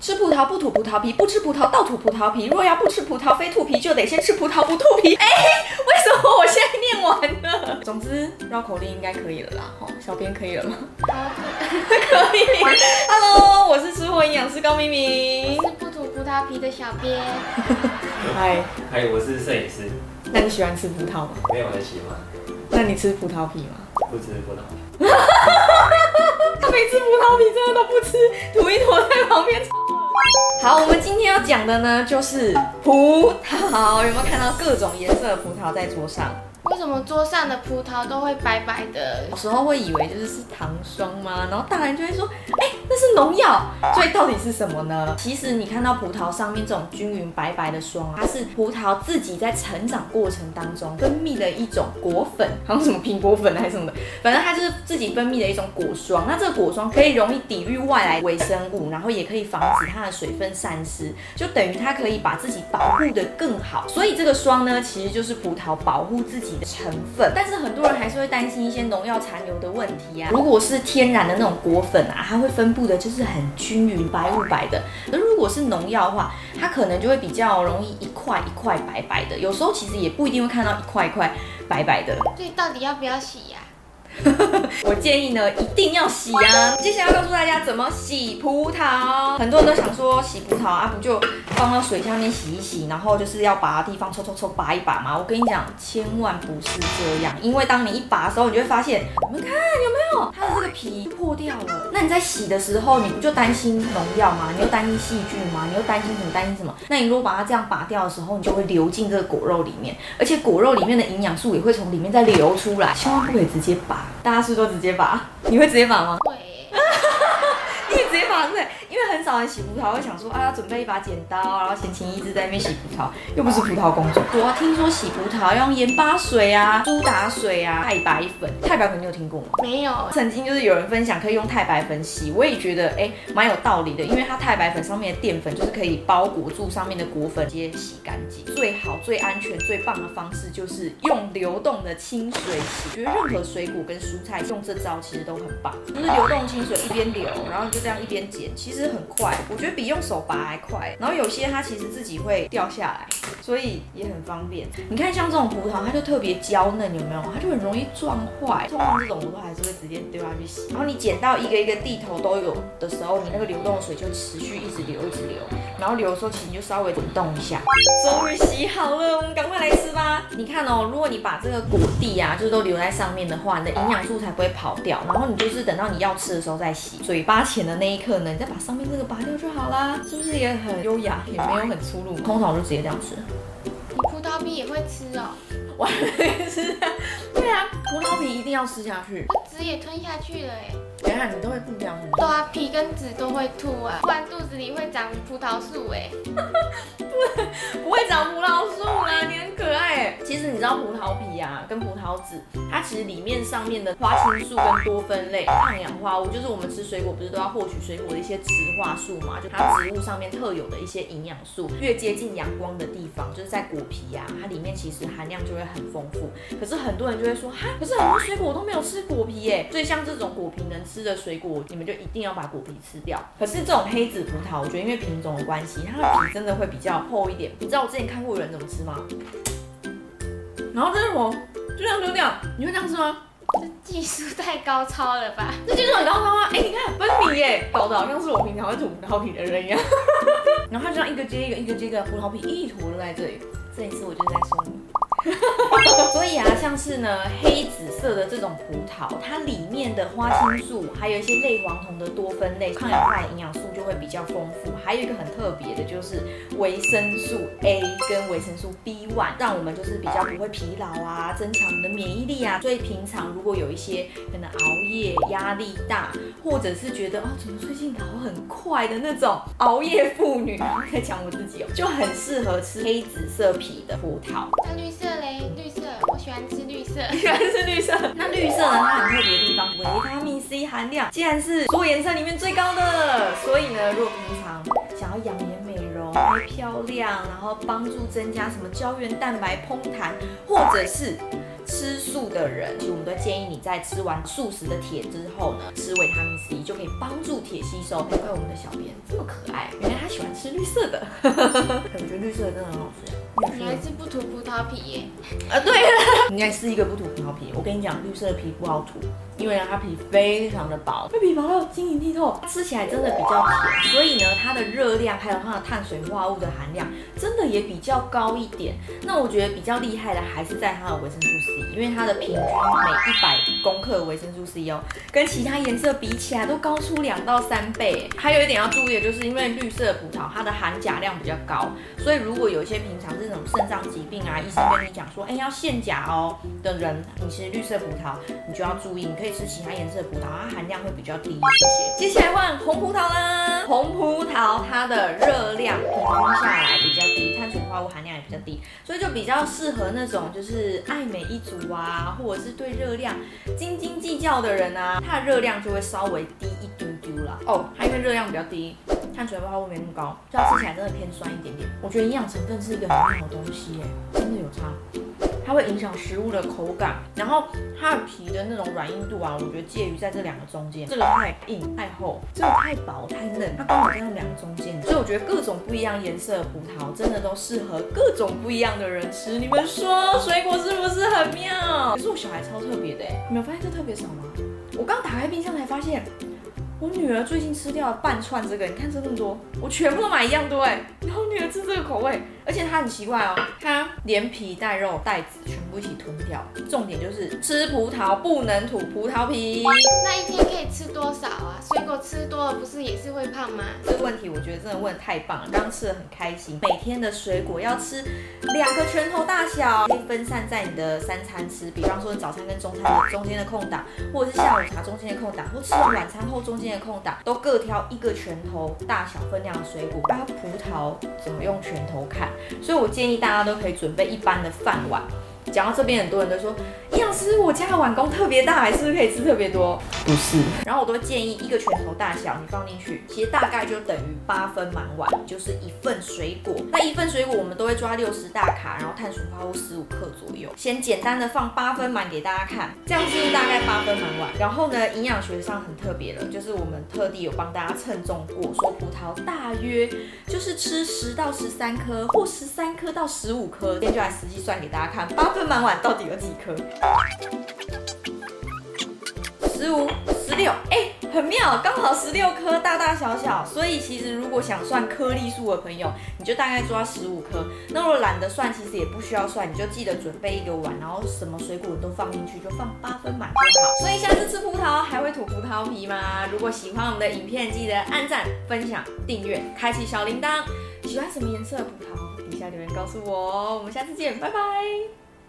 吃葡萄不吐葡萄皮，不吃葡萄倒，倒吐葡萄皮。若要不吃葡萄非吐皮，就得先吃葡萄不吐皮。哎，為什麼我現在念完了？總之，繞口令應該可以了啦。哦、小編可以了嗎？哦、 可以了，Hello，我是吃貨營養師高敏敏，吃不吐葡萄皮的小編。嗨 Hi，嗨，我是攝影師。那你喜歡吃葡萄嗎？沒有很喜歡。那你吃葡萄皮嗎？不吃葡萄皮。每次葡萄皮真的都不吃，吐一坨在旁邊。好，我們今天要講的呢，就是葡萄。有沒有看到各種顏色的葡萄在桌上？為什麼桌上的葡萄都會白白的？有時候會以為就是是糖霜嗎？然後大人就會說，哎、欸，那是農藥。所以到底是什麼呢？其實你看到葡萄上面這種均勻白白的霜，它是葡萄自己在成長過程當中分泌的一種果粉，好像什麼蘋果粉還是什麼的，反正它就是自己分泌的一種果霜。那這個果霜可以容易抵禦外來微生物，然後也可以防止它的水分散失，就等於它可以把自己保護的更好。所以這個霜呢，其實就是葡萄保護自己。的成分，但是很多人還是會擔心一些農藥殘留的問題啊。如果是天然的那種果粉啊，它會分布的就是很均勻、白霧白的；而如果是農藥的話，它可能就會比較容易一塊一塊白白的。有時候其實也不一定會看到一塊一塊白白的。所以到底要不要洗呀、啊？ 我建議呢，一定要洗啊！接下來要告訴大家怎麼洗葡萄。很多人都想說洗葡萄，啊，不就放到水下面洗一洗，然後就是要把地方抽抽抽拔一拔嘛。我跟你講，千萬不是這樣，因為當你一拔的時候，你就會發現，你們看有沒有，它的這個皮破掉了。那你在洗的時候，你不就擔心農藥嗎？你又擔心細菌嗎？你又擔心什麼？擔心什麼？那你如果把它這樣拔掉的時候，你就會流進這個果肉裡面，而且果肉裡面的營養素也會從裡面再流出來，千萬不可以直接拔。大家是不是都直接拔？你會直接拔嗎？對 你會直接拔對。早上洗葡萄會想說啊，要準備一把剪刀，然後心情一直在那邊洗葡萄，又不是葡萄公主。我、啊、聽說洗葡萄要用鹽巴水啊、蘇打水啊、太白粉。太白粉你有聽過嗎？沒有。曾經就是有人分享可以用太白粉洗，我也覺得哎、欸、蠻有道理的，因為它太白粉上面的澱粉就是可以包裹住上面的果粉，直接洗乾淨。最好、最安全、最棒的方式就是用流動的清水洗。我覺得任何水果跟蔬菜用這招其實都很棒，就是流動清水一邊流，然後就這樣一邊剪，其實很。快，我覺得比用手拔還快。然後有些它其實自己會掉下來，所以也很方便。你看，像這種葡萄，它就特別嬌嫩，有沒有？它就很容易撞壞。撞壞這種的話還是會直接丟下去洗。然後你撿到一個一個蒂頭都有的時候，你那個流動的水就持續一直流一直流。然後流的時候，其實你就稍微抖動一下。終於洗好了，我們趕快來吃吧。你看哦，如果你把這個果蒂啊，就是都留在上面的話，你的營養素才不會跑掉。然後你就是等到你要吃的時候再洗，嘴巴前的那一刻呢，你再把上面這個。拔掉就好啦，是不是也很優雅，也沒有很粗魯、啊？空巢就直接這樣吃。你葡萄皮也會吃哦、喔，我還沒吃、啊。對啊，對啊、葡萄皮一定要吃下去，籽也吞下去了哎、欸。等下你都會吐掉是不是？對啊，皮跟籽都會吐啊，不然肚子裡會長葡萄樹哎。葡萄皮啊，跟葡萄籽，它其實裡面上面的花青素跟多酚類抗氧化物，就是我們吃水果不是都要獲取水果的一些植化素嘛，就它植物上面特有的一些營養素，越接近陽光的地方，就是在果皮啊，它裡面其實含量就會很豐富。可是很多人就會說，哈，可是很多水果我都沒有吃果皮耶、欸，所以像這種果皮能吃的水果，你們就一定要把果皮吃掉。可是這種黑紫葡萄，我覺得因為品種的關係，它的皮真的會比較厚一點。你知道我之前看過有人怎麼吃嗎？然後這是什麼，就這樣就掉，樣，你會這樣吃嗎？這技術太高超了吧？這技術很高超嗎？哎、欸，你看，粉筆耶，搞得好像是我平常塗葡萄皮的人一樣。 然後就這樣一個接一個，一個接一個，葡萄皮一坨都在這裡。這一次我就在吃你。 所以啊，像是呢，黑紫色的這種葡萄，它裡面的花青素，還有一些類黃酮的多酚類抗氧化的營養素就會比較豐富。還有一個很特別的，就是維生素 A 跟維生素 B1，讓我們就是比較不會疲勞啊，增強我們的免疫力啊。所以平常如果有一些可能熬夜、壓力大，或者是覺得哦怎麼最近老很快的那種熬夜婦女，在 講我自己哦，就很適合吃黑紫色皮的葡萄。啊、女色嘞，綠色，我喜歡吃綠色，喜歡吃綠色。 那綠色呢，它很特別的地方，維他命 C 含量竟然是所有顏色裡面最高的。所以呢，如果平常想要養顏美容、還漂亮，然後幫助增加什麼膠原蛋白、膨彈，或者是吃素的人，其實我們都建議你在吃完素食的鐵之後呢，吃維他命 C 就可以幫助鐵吸收。因為、欸、我們的小編這麼可愛，原來他喜歡吃綠色的。 感覺綠色的真的很好吃。女孩是不塗葡萄皮耶，啊對了，你還是一個不塗葡萄皮。我跟你講，綠色的皮不好塗，因為呢，它皮非常的薄，它皮薄到晶瑩剔透，吃起來真的比較甜。所以呢，它的熱量還有它的碳水化物的含量，真的也比較高一點。那我覺得比較厲害的還是在它的維生素 C，因為它的平均每一百克維生素 C 哦、喔，跟其他顏色比起來都高出兩到三倍。還有一點要注意的就是，因為綠色葡萄它的含鉀量比較高，所以如果有一些平常是。這種腎臟疾病啊，醫生跟你講說，哎、欸，要限鉀哦，的人，你吃綠色葡萄，你就要注意，你可以吃其他顏色的葡萄，它含量會比較低一些。謝謝。接下來換紅葡萄啦，紅葡萄它的熱量平均下來比較低，碳水化合物含量也比較低，所以就比較適合那種就是愛美一族啊，或者是對熱量斤斤計較的人啊，它的熱量就會稍微低一丟丟啦。哦，它因為熱量比較低，碳水化合物沒那麼高，這樣吃起來真的偏酸一點點。我覺得營養成分是一個很好的東西、欸，耶，真的有差。它會影響食物的口感，然後它的皮的那種軟硬度啊，我覺得介於在這兩個中間，這個太硬太厚，這個太薄太嫩，它剛好在那兩個中間，所以我覺得各種不一樣顏色的葡萄真的都適合各種不一樣的人吃，你們說水果是不是很妙？可是我小孩超特別的、欸，哎，你們發現這特別少嗎？我剛打開冰箱才發現。我女兒最近吃掉了半串，這個你看這麼多，我全部都買一樣多哎、欸。你也吃這個口味，而且它很奇怪哦，它連皮帶肉帶籽全部一起吞掉。重點就是吃葡萄不能吐葡萄皮。那一天可以吃多少啊？水果吃多了不是也是會胖嗎？這個問題我覺得真的問得太棒了，剛剛吃的很開心。每天的水果要吃兩個拳頭大小，可以分散在你的三餐吃，比方說早餐跟中餐的中間的空檔，或者是下午茶中間的空檔，或是吃完晚餐後中間的空檔，都各挑一個拳頭大小分量的水果，把葡萄。怎麼用拳頭看？所以我建議大家都可以準備一般的飯碗。講到這邊，很多人都說，營養師，我家的碗公特別大，還是不是可以吃特別多？不是。然後我都會建議一個拳頭大小，你放進去，其實大概就等於八分滿碗，就是一份水果。那一份水果，我們都會抓六十大卡，然後碳水化物十五克左右。先簡單的放八分滿給大家看，這樣子大概八分滿碗。然後呢，營養學上很特別的，就是我們特地有幫大家稱重過，說葡萄大約就是吃十到十三顆，或十三顆到十五顆。今天就來實際算給大家看，八分滿碗到底有幾顆？十五、十六，哎，很妙，剛好十六顆，大大小小。所以其實如果想算顆粒數的朋友，你就大概抓十五顆。那如果懶得算，其實也不需要算，你就記得準備一個碗，然後什麼水果都放進去，就放八分滿就好。所以下次吃葡萄還會吐葡萄皮嗎？如果喜歡我們的影片，記得按讚、分享、訂閱、開啟小鈴鐺。喜歡什麼顏色的葡萄？底下留言告訴我。我們下次見，拜拜。